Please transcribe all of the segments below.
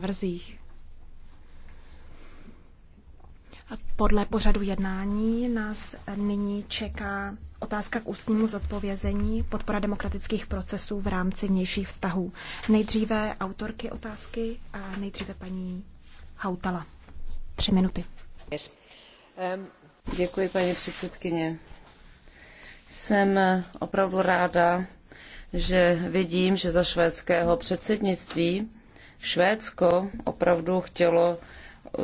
návrzích. Podle pořadu jednání nás nyní čeká otázka k ústnímu zodpovězení podpora demokratických procesů v rámci vnějších vztahů. Nejdříve autorky otázky a nejdříve paní Hautala. Tři minuty. Děkuji, paní předsedkyně. Jsem opravdu ráda, že vidím, že za švédského předsednictví Švédsko opravdu chtělo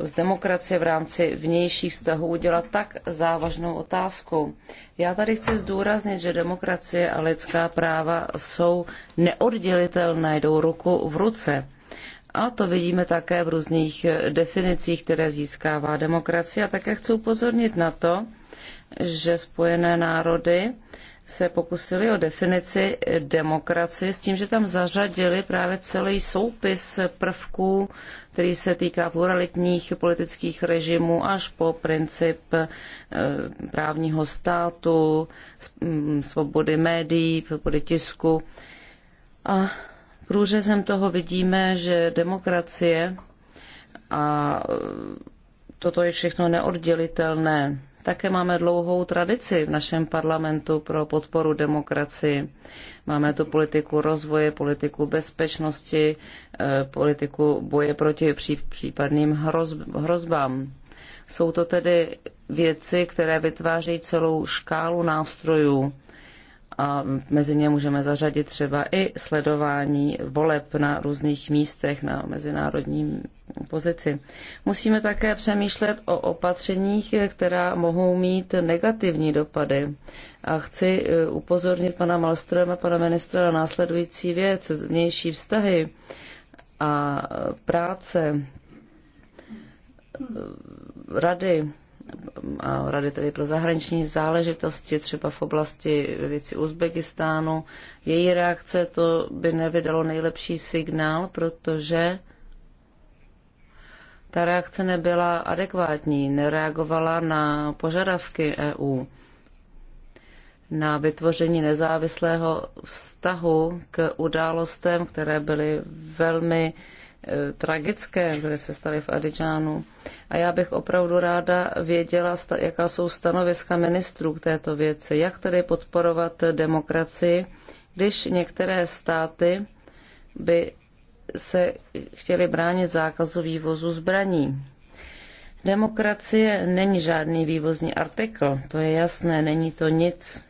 z demokracie v rámci vnějších vztahů udělat tak závažnou otázkou. Já tady chci zdůraznit, že demokracie a lidská práva jsou neoddělitelné, jdou ruku v ruce. A to vidíme také v různých definicích, které získává demokracie. A také chci upozornit na to, že Spojené národy se pokusili o definici demokracie s tím, že tam zařadili právě celý soupis prvků, který se týká pluralitních politických režimů až po princip eh, právního státu, mm, svobody médií, svobody tisku. A průřezem toho vidíme, že demokracie a eh, toto je všechno neoddělitelné také máme dlouhou tradici v našem parlamentu pro podporu demokracii. Máme tu politiku rozvoje, politiku bezpečnosti, eh, politiku boje proti případným hrozbám. Jsou to tedy věci, které vytvářejí celou škálu nástrojů a mezi ně můžeme zařadit třeba i sledování voleb na různých místech na mezinárodní pozici. Musíme také přemýšlet o opatřeních, která mohou mít negativní dopady. A chci e, upozornit pana a pana ministra na následující věc, vnější vztahy a e, práce e, rady Rady tedy pro zahraniční záležitosti, třeba v oblasti věci Uzbekistánu. Její reakce to by nevydalo nejlepší signál, protože ta reakce nebyla adekvátní, nereagovala na požadavky EU na vytvoření nezávislého vztahu k událostem, které byly velmi uh, Eh, tragické, které se staly v Adidžánu. A já bych opravdu ráda věděla, jaká jsou stanoviska ministrů k této věci. Jak tedy podporovat demokracii, když některé státy by se chtěli bránit zákazu vývozu zbraní. Demokracie není žádný vývozní artikl, to je jasné, není to nic,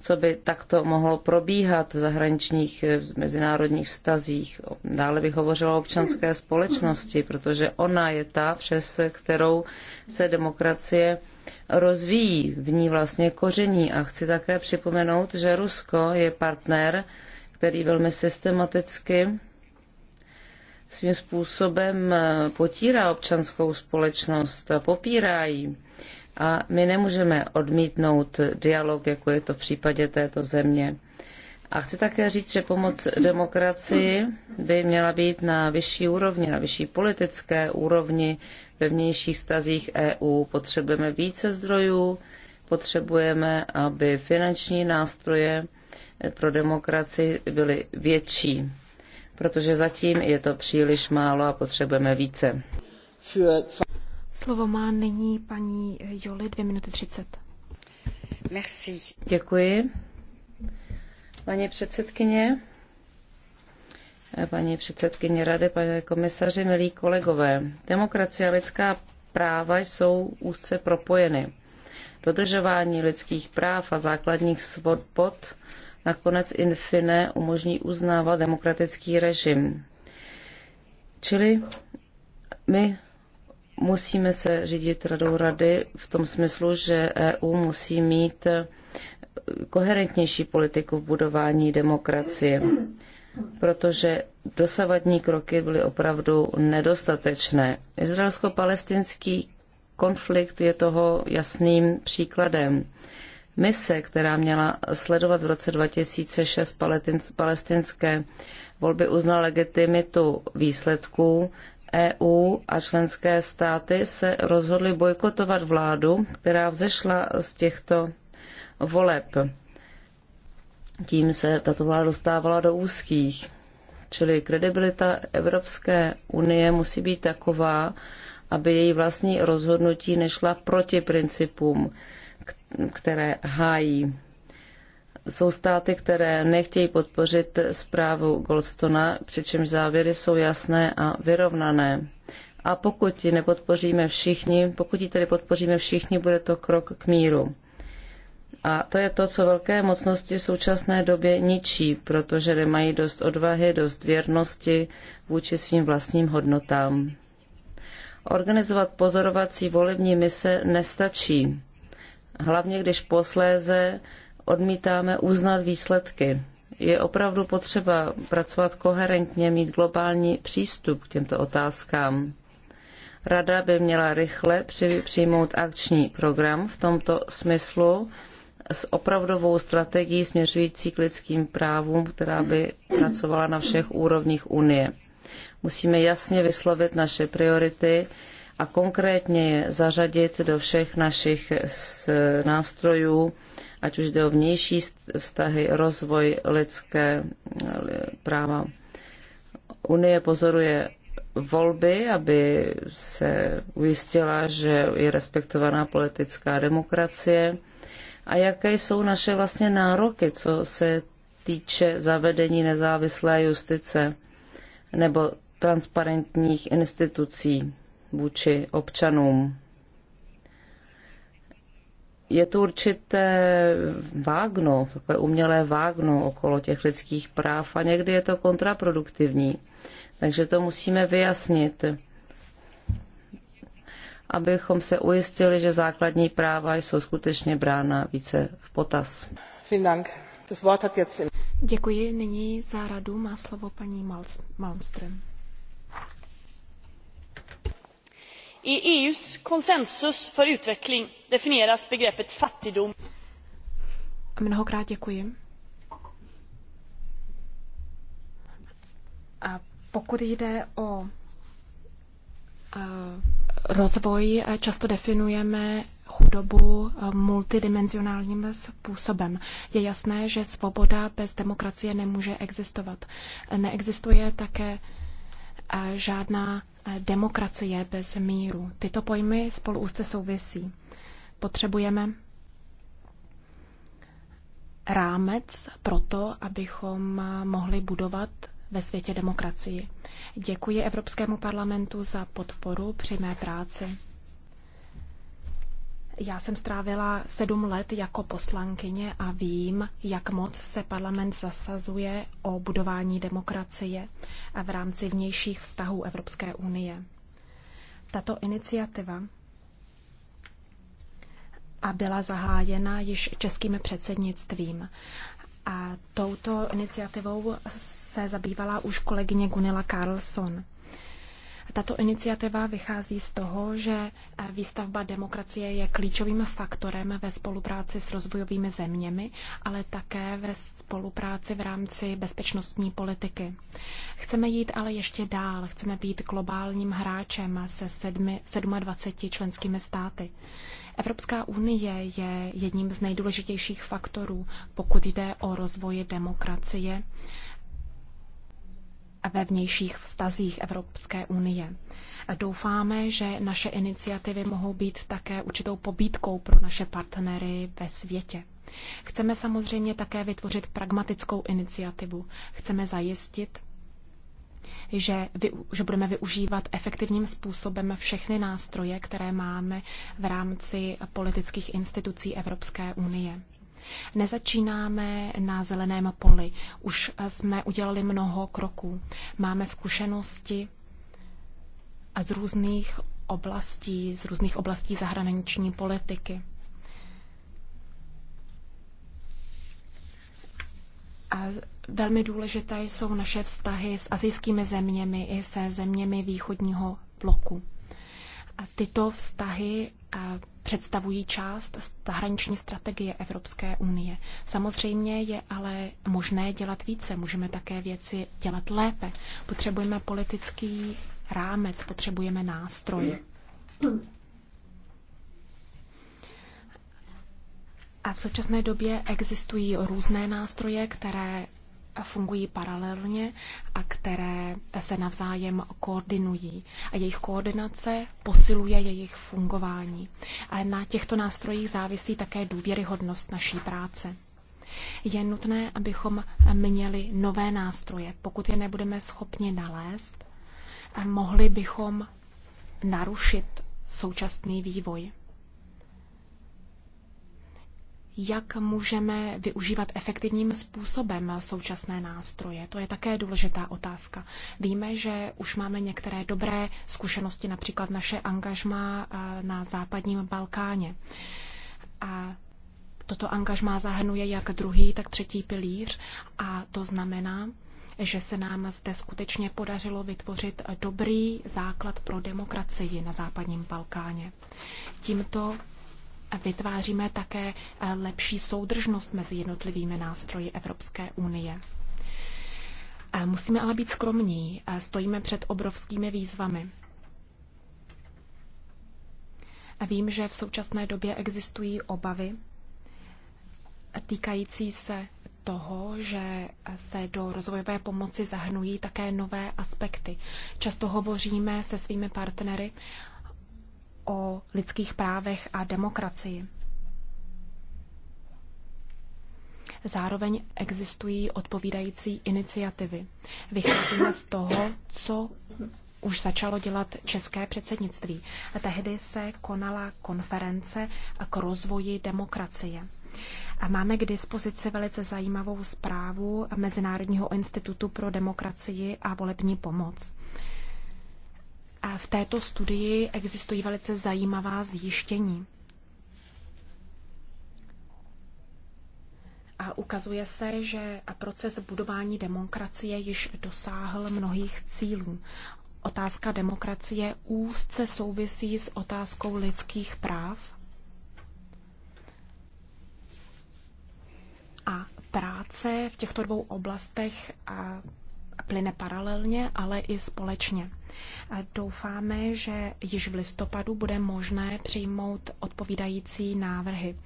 co by takto mohlo probíhat v zahraničních eh, v mezinárodních vztazích. Dále bych hovořila o občanské společnosti, protože ona je ta, přes kterou se demokracie rozvíjí, v ní vlastně koření. A chci také připomenout, že Rusko je partner, který velmi systematicky svým způsobem eh, potírá občanskou společnost a popírá ji. A my nemůžeme odmítnout dialog, jako je to v případě této země. A chci také říct, že pomoc demokracii by měla být na vyšší úrovni, na vyšší politické úrovni ve vnějších stazích EU. Potřebujeme více zdrojů, potřebujeme, aby finanční nástroje pro demokracii byly větší, protože zatím je to příliš málo a potřebujeme více. Slovo má nyní paní Joli, dvě minuty třicet. Merci. Děkuji. Paní předsedkyně, paní předsedkyně rady, pane komisaři, milí kolegové, demokracie a lidská práva jsou úzce propojeny. Dodržování lidských práv a základních svobod nakonec infine umožní uznávat demokratický režim. Čili my musíme se řídit radou rady v tom smyslu, že EU musí mít eh, koherentnější politiku v budování demokracie, protože dosavadní kroky byly opravdu nedostatečné. Izraelsko-palestinský konflikt je toho jasným příkladem. Mise, která měla sledovat v roce 2006 palestinské volby, uznala legitimitu výsledků, EU a členské státy se rozhodly bojkotovat vládu, která vzešla z těchto voleb. Tím se tato vláda dostávala do úzkých. Čili kredibilita Evropské unie musí být taková, aby její vlastní rozhodnutí nešla proti principům, které hájí jsou státy, které nechtějí podpořit zprávu Goldstona, přičemž závěry jsou jasné a vyrovnané. A pokud ji nepodpoříme všichni, pokud ji tedy podpoříme všichni, bude to krok k míru. A to je to, co velké mocnosti v současné době ničí, protože nemají dost odvahy, dost věrnosti vůči svým vlastním hodnotám. Organizovat pozorovací volební mise nestačí. Hlavně když posléze odmítáme uznat výsledky. Je opravdu potřeba pracovat koherentně, mít globální přístup k těmto otázkám. Rada by měla rychle přijmout akční program v tomto smyslu s opravdovou strategií směřující k lidským právům, která by pracovala na všech úrovních Unie. Musíme jasně vyslovit naše priority a konkrétně je zařadit do všech našich nástrojů ať už jde o vnější vztahy, rozvoj lidské eh, práva. Unie pozoruje volby, aby se ujistila, že je respektovaná politická demokracie a jaké jsou naše vlastně nároky, co se týče zavedení nezávislé justice nebo transparentních institucí vůči občanům je to určité vágno, takové umělé vágno okolo těch lidských práv a někdy je to kontraproduktivní. Takže to musíme vyjasnit, abychom se ujistili, že základní práva jsou skutečně brána více v potaz. Děkuji. Nyní za radu má slovo paní Malmström. i eus konsensus för utveckling definieras begreppet fattigdom Mnohokrát děkuji. A pokud jde o e, rozvoj, e, často definujeme chudobu e, multidimenzionálním způsobem. Je jasné, že svoboda bez demokracie nemůže existovat. Neexistuje také žádná e, demokracie bez míru. Tyto pojmy spolu úzce souvisí. Potřebujeme rámec pro to, abychom e, mohli budovat ve světě demokracii. Děkuji Evropskému parlamentu za podporu při mé práci. Já jsem strávila sedm let jako poslankyně a vím, jak moc se parlament zasazuje o budování demokracie a v rámci vnějších vztahů Evropské unie. Tato iniciativa a byla zahájena již českým předsednictvím. A touto iniciativou se zabývala už kolegyně Gunilla Carlson. Tato iniciativa vychází z toho, že eh, výstavba demokracie je klíčovým faktorem ve spolupráci s rozvojovými zeměmi, ale také ve spolupráci v rámci bezpečnostní politiky. Chceme jít ale ještě dál, chceme být globálním hráčem se sedmi, 27 členskými státy. Evropská unie je jedním z nejdůležitějších faktorů, pokud jde o rozvoj demokracie ve vnějších vztazích Evropské unie. Doufáme, že naše iniciativy mohou být také určitou pobídkou pro naše partnery ve světě. Chceme samozřejmě také vytvořit pragmatickou iniciativu. Chceme zajistit, že, vy, že budeme využívat efektivním způsobem všechny nástroje, které máme v rámci politických institucí Evropské unie. Nezačínáme na zeleném poli. Už jsme udělali mnoho kroků. Máme zkušenosti a z různých oblastí, z různých oblastí zahraniční politiky. A velmi důležité jsou naše vztahy s azijskými zeměmi i se zeměmi východního bloku tyto vztahy eh, představují část zahraniční strategie Evropské unie. Samozřejmě je ale možné dělat více, můžeme také věci dělat lépe. Potřebujeme politický rámec, potřebujeme nástroje. A v současné době existují různé nástroje, které fungují paralelně a které se navzájem koordinují. A jejich koordinace posiluje jejich fungování. A na těchto nástrojích závisí také důvěryhodnost naší práce. Je nutné, abychom měli nové nástroje. Pokud je nebudeme schopni nalézt, mohli bychom narušit současný vývoj jak můžeme využívat efektivním způsobem současné nástroje. To je také důležitá otázka. Víme, že už máme některé dobré zkušenosti, například naše angažma eh, na západním Balkáně. A toto angažmá zahrnuje jak druhý, tak třetí pilíř a to znamená, že se nám zde skutečně podařilo vytvořit dobrý základ pro demokracii na západním Balkáně. Tímto vytváříme také eh, lepší soudržnost mezi jednotlivými nástroji Evropské unie. Eh, musíme ale být skromní, eh, stojíme před obrovskými výzvami. Vím, že v současné době existují obavy týkající se toho, že se do rozvojové pomoci zahnují také nové aspekty. Často hovoříme se svými partnery o lidských právech a demokracii. Zároveň existují odpovídající iniciativy. Vycházíme z toho, co už začalo dělat české předsednictví. Tehdy se konala konference k rozvoji demokracie. A máme k dispozici velice zajímavou zprávu Mezinárodního institutu pro demokracii a volební pomoc. V této studii existují velice zajímavá zjištění. A ukazuje se, že proces budování demokracie již dosáhl mnohých cílů. Otázka demokracie úzce souvisí s otázkou lidských práv a práce v těchto dvou oblastech a plyne paralelně, ale i společně. Doufáme, že již v listopadu bude možné přijmout odpovídající návrhy.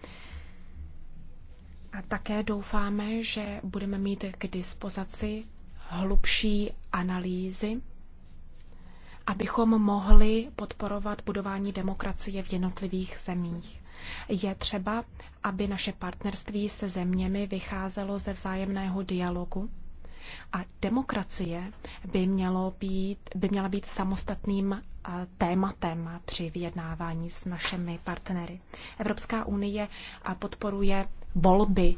A také doufáme, že budeme mít k dispozici hlubší analýzy, abychom mohli podporovat budování demokracie v jednotlivých zemích. Je třeba, aby naše partnerství se zeměmi vycházelo ze vzájemného dialogu a demokracie by, mělo být, by měla být samostatným tématem při vyjednávání s našimi partnery. Evropská unie podporuje volby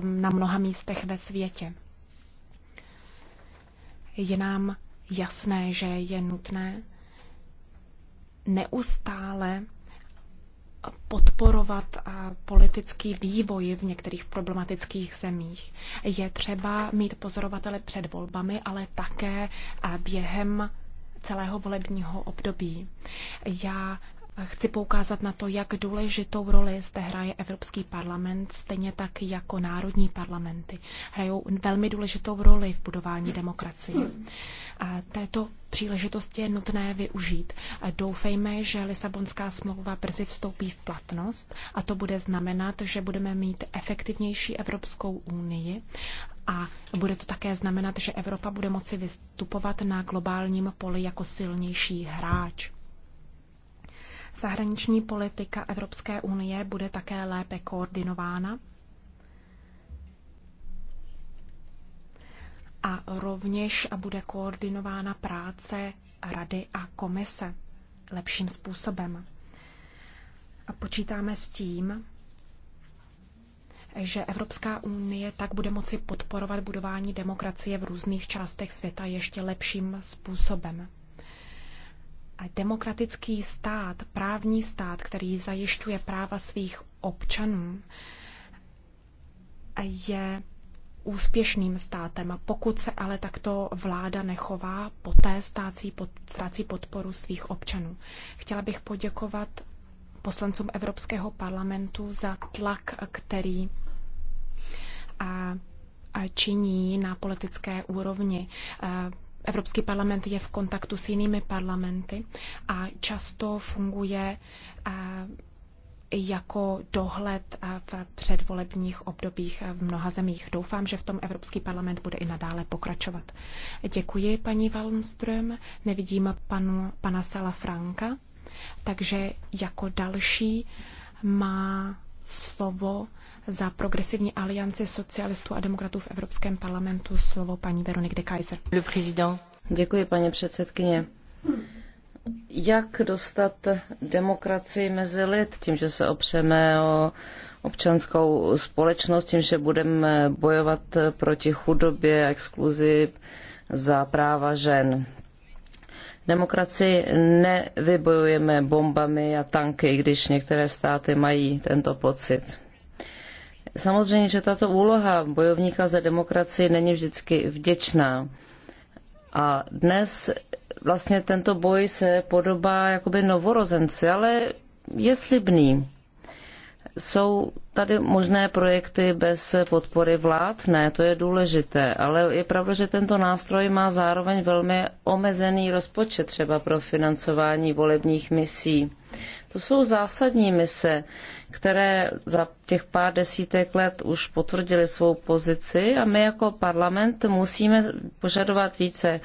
na mnoha místech ve světě. Je nám jasné, že je nutné neustále podporovat eh, politický vývoj v některých problematických zemích. Je třeba mít pozorovatele před volbami, ale také eh, během celého volebního období. Já Chci poukázat na to, jak důležitou roli zde hraje Evropský parlament, stejně tak jako národní parlamenty. Hrajou velmi důležitou roli v budování demokracie. A této příležitosti je nutné využít. Doufejme, že Lisabonská smlouva brzy vstoupí v platnost a to bude znamenat, že budeme mít efektivnější Evropskou unii a bude to také znamenat, že Evropa bude moci vystupovat na globálním poli jako silnější hráč. Zahraniční politika Evropské unie bude také lépe koordinována a rovněž bude koordinována práce Rady a Komise lepším způsobem. A počítáme s tím, že Evropská unie tak bude moci podporovat budování demokracie v různých částech světa ještě lepším způsobem demokratický stát, právní stát, který zajišťuje práva svých občanů, je úspěšným státem. Pokud se ale takto vláda nechová, poté ztrácí, pod, ztrácí podporu svých občanů. Chtěla bych poděkovat poslancům Evropského parlamentu za tlak, který a, a činí na politické úrovni. A, Evropský parlament je v kontaktu s jinými parlamenty a často funguje eh, jako dohled eh, v předvolebních obdobích eh, v mnoha zemích. Doufám, že v tom Evropský parlament bude i nadále pokračovat. Děkuji, paní Wallström. Nevidím panu, pana Sala Franka, takže jako další má slovo za Progresivní alianci socialistů a demokratů v Evropském parlamentu slovo paní Veronique de Kaiser. Děkuji, paní předsedkyně. Jak dostat demokracii mezi lid tím, že se opřeme o občanskou společnost, tím, že budeme bojovat proti chudobě, exkluzi za práva žen? Demokracii nevybojujeme bombami a tanky, když některé státy mají tento pocit. Samozřejmě, že tato úloha bojovníka za demokracii není vždycky vděčná. A dnes vlastně tento boj se podobá jakoby novorozenci, ale je slibný. Jsou tady možné projekty bez podpory vlád? Ne, to je důležité, ale je pravda, že tento nástroj má zároveň velmi omezený rozpočet třeba pro financování volebních misí. To jsou zásadní mise, které za těch pár desítek let už potvrdily svou pozici a my jako parlament musíme požadovat více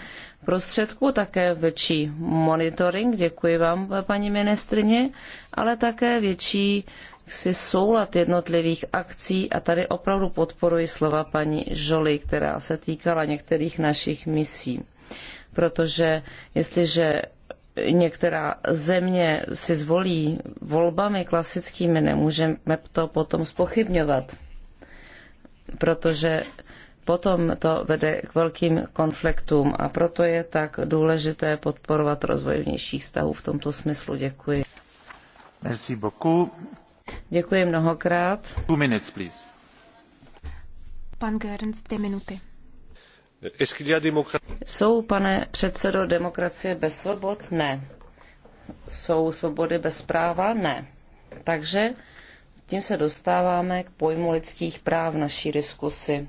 prostředků, také větší monitoring, děkuji vám, paní ministrině, ale také větší si soulad jednotlivých akcí a tady opravdu podporuji slova paní Žoli, která se týkala některých našich misí. Protože jestliže některá země si zvolí volbami klasickými, nemůžeme to potom spochybňovat, protože potom to vede k velkým konfliktům a proto je tak důležité podporovat rozvoj vnějších vztahů v tomto smyslu. Děkuji. Merci beaucoup. Děkuji mnohokrát. Two minutes, please. Pan Gerns, dvě minuty. Jsou, pane předsedo, demokracie bez svobod? Ne. Jsou svobody bez práva? Ne. Takže tím se dostáváme k pojmu lidských práv v naší diskusi.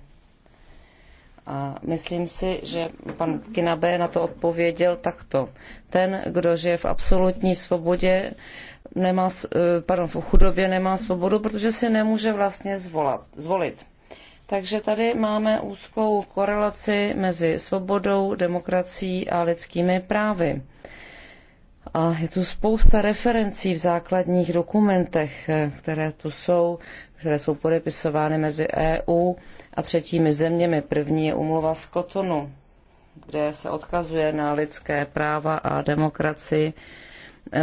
A myslím si, že pan Kinabe na to odpověděl takto. Ten, kdo žije v absolutní svobodě, nemá, eh, pardon, v chudobě nemá svobodu, protože si nemůže vlastně zvolat, zvolit. Takže tady máme úzkou korelaci mezi svobodou, demokracií a lidskými právy. A je tu spousta referencí v základních dokumentech, které tu jsou, které jsou podepisovány mezi EU a třetími zeměmi. První je umluva z Kotonu, kde se odkazuje na lidské práva a demokracii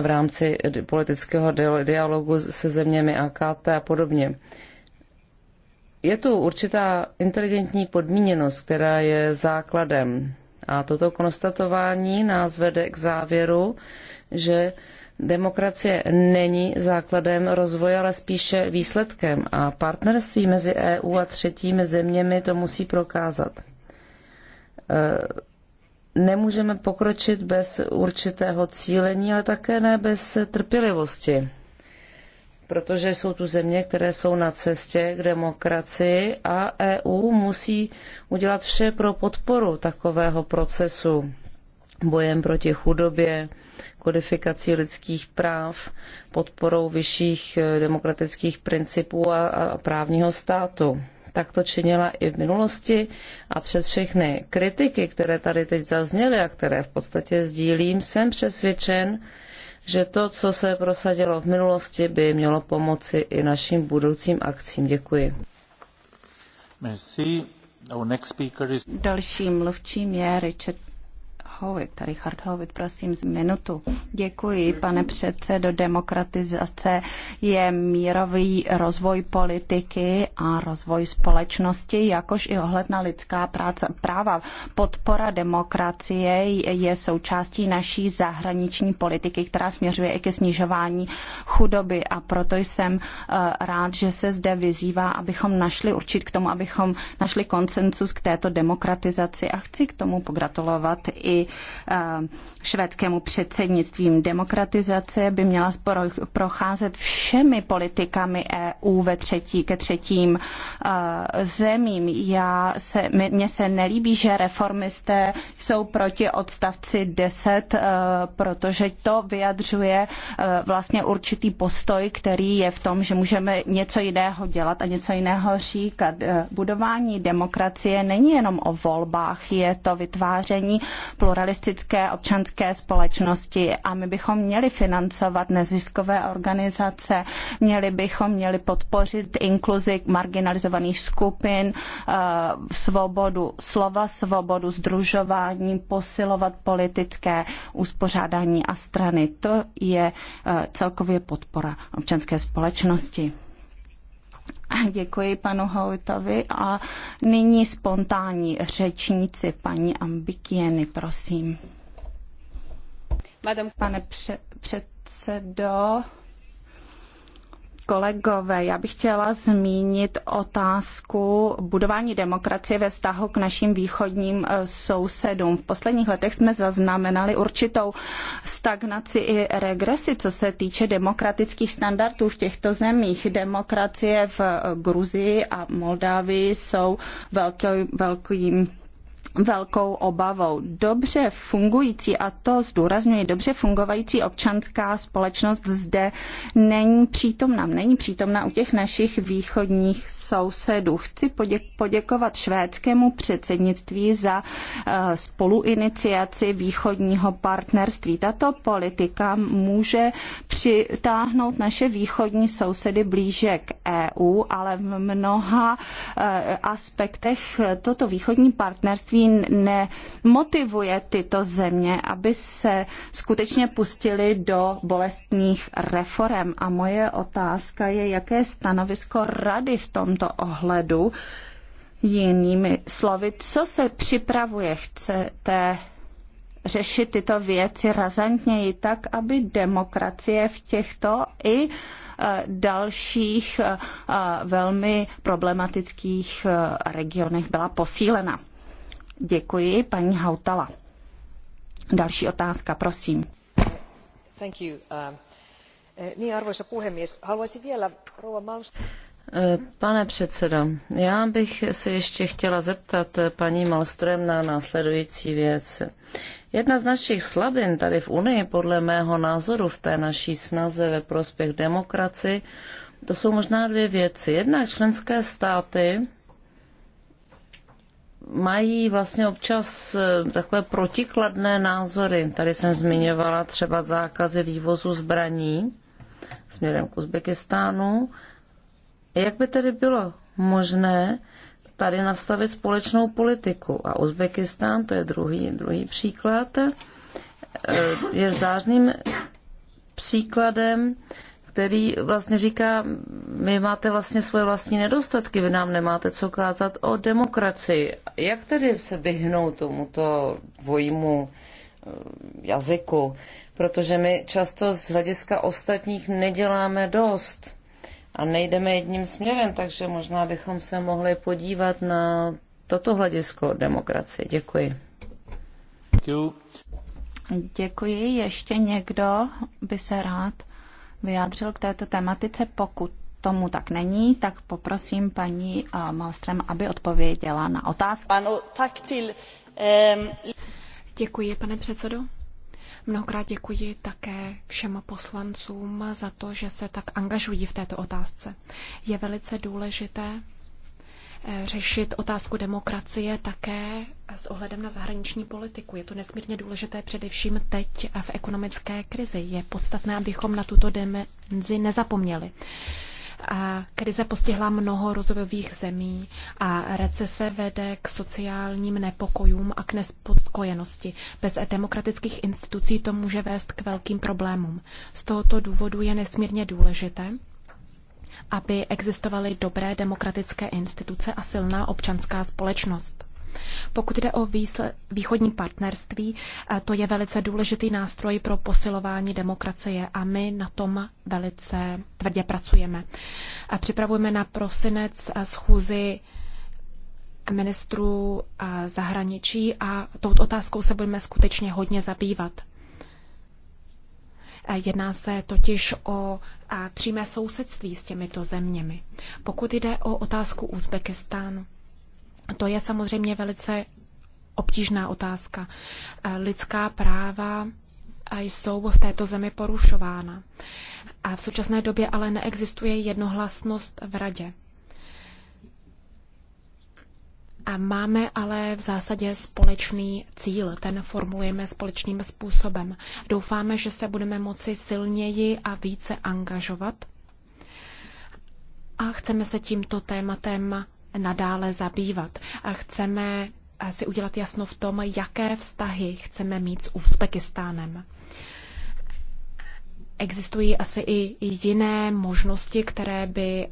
v rámci politického dialogu se zeměmi AKT a podobně je tu určitá inteligentní podmíněnost, která je základem. A toto konstatování nás vede k závěru, že demokracie není základem rozvoje, ale spíše výsledkem. A partnerství mezi EU a třetími zeměmi to musí prokázat. E, nemůžeme pokročit bez určitého cílení, ale také ne bez trpělivosti protože jsou tu země, které jsou na cestě k demokracii a EU musí udělat vše pro podporu takového procesu bojem proti chudobě, kodifikací lidských práv, podporou vyšších eh, demokratických principů a, a právního státu. Tak to činila i v minulosti a přes všechny kritiky, které tady teď zazněly a které v podstatě sdílím, jsem přesvědčen, že to, co se prosadilo v minulosti, by mělo pomoci i našim budoucím akcím. Děkuji. Merci. Is... Dalším mluvčím je Richard Hovit. Richard Hovit, prosím, z minutu. Děkuji, pane předsedo. Demokratizace je mírový rozvoj politiky a rozvoj společnosti, jakož i ohled na lidská práce, práva. Podpora demokracie je součástí naší zahraniční politiky, která směřuje i ke snižování chudoby a proto jsem eh, rád, že se zde vyzývá, abychom našli určit k tomu, abychom našli konsensus k této demokratizaci a chci k tomu pogratulovat i Eh, švédskému předsednictvím. Demokratizace by měla procházet všemi politikami EU ve třetí, ke třetím eh, zemím. Já se, mně se nelíbí, že reformisté jsou proti odstavci 10, eh, protože to vyjadřuje vlastně určitý postoj, který je v tom, že můžeme něco jiného dělat a něco jiného říkat. Budování demokracie není jenom o volbách, je to vytváření pluralismu pluralistické občanské společnosti a my bychom měli financovat neziskové organizace, měli bychom měli podpořit inkluzi marginalizovaných skupin, eh, svobodu slova, svobodu združování, posilovat politické uspořádání a strany. To je eh, celkově podpora občanské společnosti. Děkuji panu Houtovi a nyní spontánní řečníci paní Ambikieny, prosím. Madam... Pane pře- předsedo, kolegové, já bych chtěla zmínit otázku budování demokracie ve vztahu k našim východním e, sousedům. V posledních letech jsme zaznamenali určitou stagnaci i regresi, co se týče demokratických standardů v těchto zemích. Demokracie v e, Gruzii a Moldávii jsou velký, velkým velkou obavou. Dobře fungující, a to zdůrazňuji, dobře fungující občanská společnost zde není přítomna. Není přítomna u těch našich východních sousedů. Chci poděkovat švédskému předsednictví za eh, spoluiniciaci východního partnerství. Tato politika může přitáhnout naše východní sousedy blíže k EU, ale v mnoha eh, aspektech toto východní partnerství rozhodnutí nemotivuje tyto země, aby se skutečně pustili do bolestných reform. A moje otázka je, jaké je stanovisko rady v tomto ohledu. Jinými slovy, co se připravuje? Chcete řešit tyto věci razantněji tak, aby demokracie v těchto i e, dalších e, e, velmi problematických regionech byla posílena. Děkuji, paní Hautala. Další otázka, prosím. Thank you. Um, eh, niin, arvoisa puhemies, haluaisin vielä rouva Malmström... Eh, pane předsedo, já bych se ještě chtěla zeptat eh, paní Malström na následující věc. Jedna z našich slabin tady v Unii, podle mého názoru, v té naší snaze ve prospěch demokracii, to jsou možná dvě věci. Jednak členské státy mají vlastně občas eh, takové protikladné názory. Tady jsem zmiňovala třeba zákazy vývozu zbraní směrem k Uzbekistánu. Jak by tedy bylo možné tady nastavit společnou politiku? A Uzbekistán, to je druhý, druhý příklad, eh, je zářným příkladem který vlastně říká, my máte vlastně svoje vlastní nedostatky, vy nám nemáte co kázat o demokracii. Jak tedy se vyhnout tomuto dvojímu eh, jazyku? Protože my často z hlediska ostatních neděláme dost a nejdeme jedním směrem, takže možná bychom se mohli podívat na toto hledisko demokracie. Děkuji. Děkuji. Děkuji. Ještě někdo by se rád vyjádřil k této tematice. Pokud tomu tak není, tak poprosím paní eh, Malstrem, aby odpověděla na otázku. Ano, tak til, ehm, Děkuji, pane předsedo. Mnohokrát děkuji také všem poslancům za to, že se tak angažují v této otázce. Je velice důležité, Eh, řešit otázku demokracie také s ohledem na zahraniční politiku. Je to nesmírně důležité především teď v ekonomické krizi. Je podstatné, abychom na tuto dimenzi nezapomněli. A krize postihla mnoho rozvojových zemí a recese vede k sociálním nepokojům a k nespokojenosti. Bez demokratických institucí to může vést k velkým problémům. Z tohoto důvodu je nesmírně důležité, aby existovaly dobré demokratické instituce a silná občanská společnost. Pokud jde o východní partnerství, eh, to je velice důležitý nástroj pro posilování demokracie a my na tom velice tvrdě pracujeme. A připravujeme na prosinec eh, schůzi ministrů eh, zahraničí a tou otázkou se budeme skutečně hodně zabývat. Jedná se totiž o přímé sousedství s těmito zeměmi. Pokud jde o otázku Uzbekistánu, to je samozřejmě velice obtížná otázka. Lidská práva jsou v této zemi porušována. A v současné době ale neexistuje jednohlasnost v radě. A máme ale v zásadě společný cíl, ten formulujeme společným způsobem. Doufáme, že se budeme moci silněji a více angažovat a chceme se tímto tématem nadále zabývat. A chceme si udělat jasno v tom, jaké vztahy chceme mít s Uzbekistánem. Existují asi i jiné možnosti, které by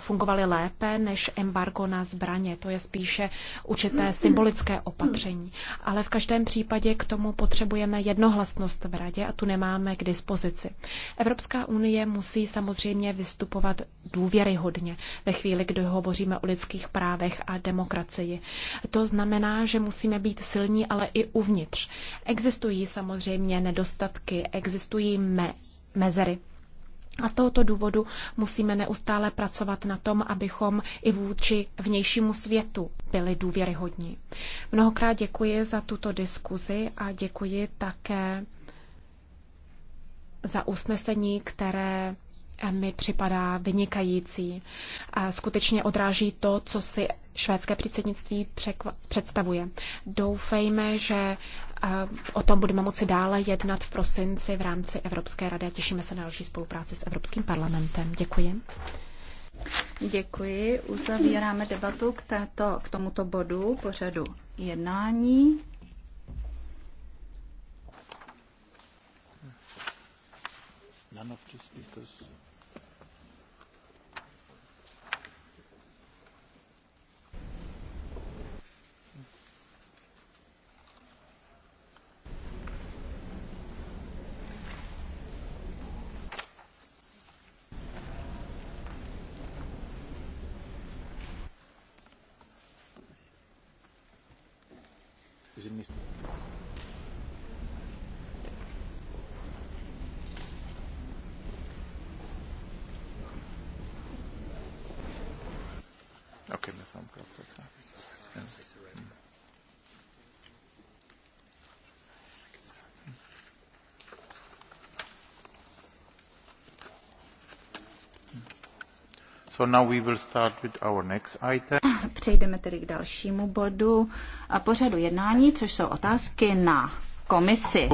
fungovaly lépe než embargo na zbraně. To je spíše určité symbolické opatření. Ale v každém případě k tomu potřebujeme jednohlasnost v radě a tu nemáme k dispozici. Evropská unie musí samozřejmě vystupovat důvěryhodně ve chvíli, kdy hovoříme o lidských právech a demokracii. To znamená, že musíme být silní, ale i uvnitř. Existují samozřejmě nedostatky, existují me mezery. A z tohoto důvodu musíme neustále pracovat na tom, abychom i vůči vnějšímu světu byli důvěryhodní. Mnohokrát děkuji za tuto diskuzi a děkuji také za usnesení, které mi připadá vynikající. A skutečně odráží to, co si švédské předsednictví představuje. Doufejme, že o tom budeme moci dále jednat v prosinci v rámci Evropské rady a těšíme se na další spolupráci s Evropským parlamentem. Děkuji. Děkuji. Uzavíráme debatu k, této, k tomuto bodu pořadu jednání. None Okay, that's not processor. So now we will start with our next item. Přejdeme tedy k dalšímu bodu a pořadu jednání, což jsou otázky na komisi.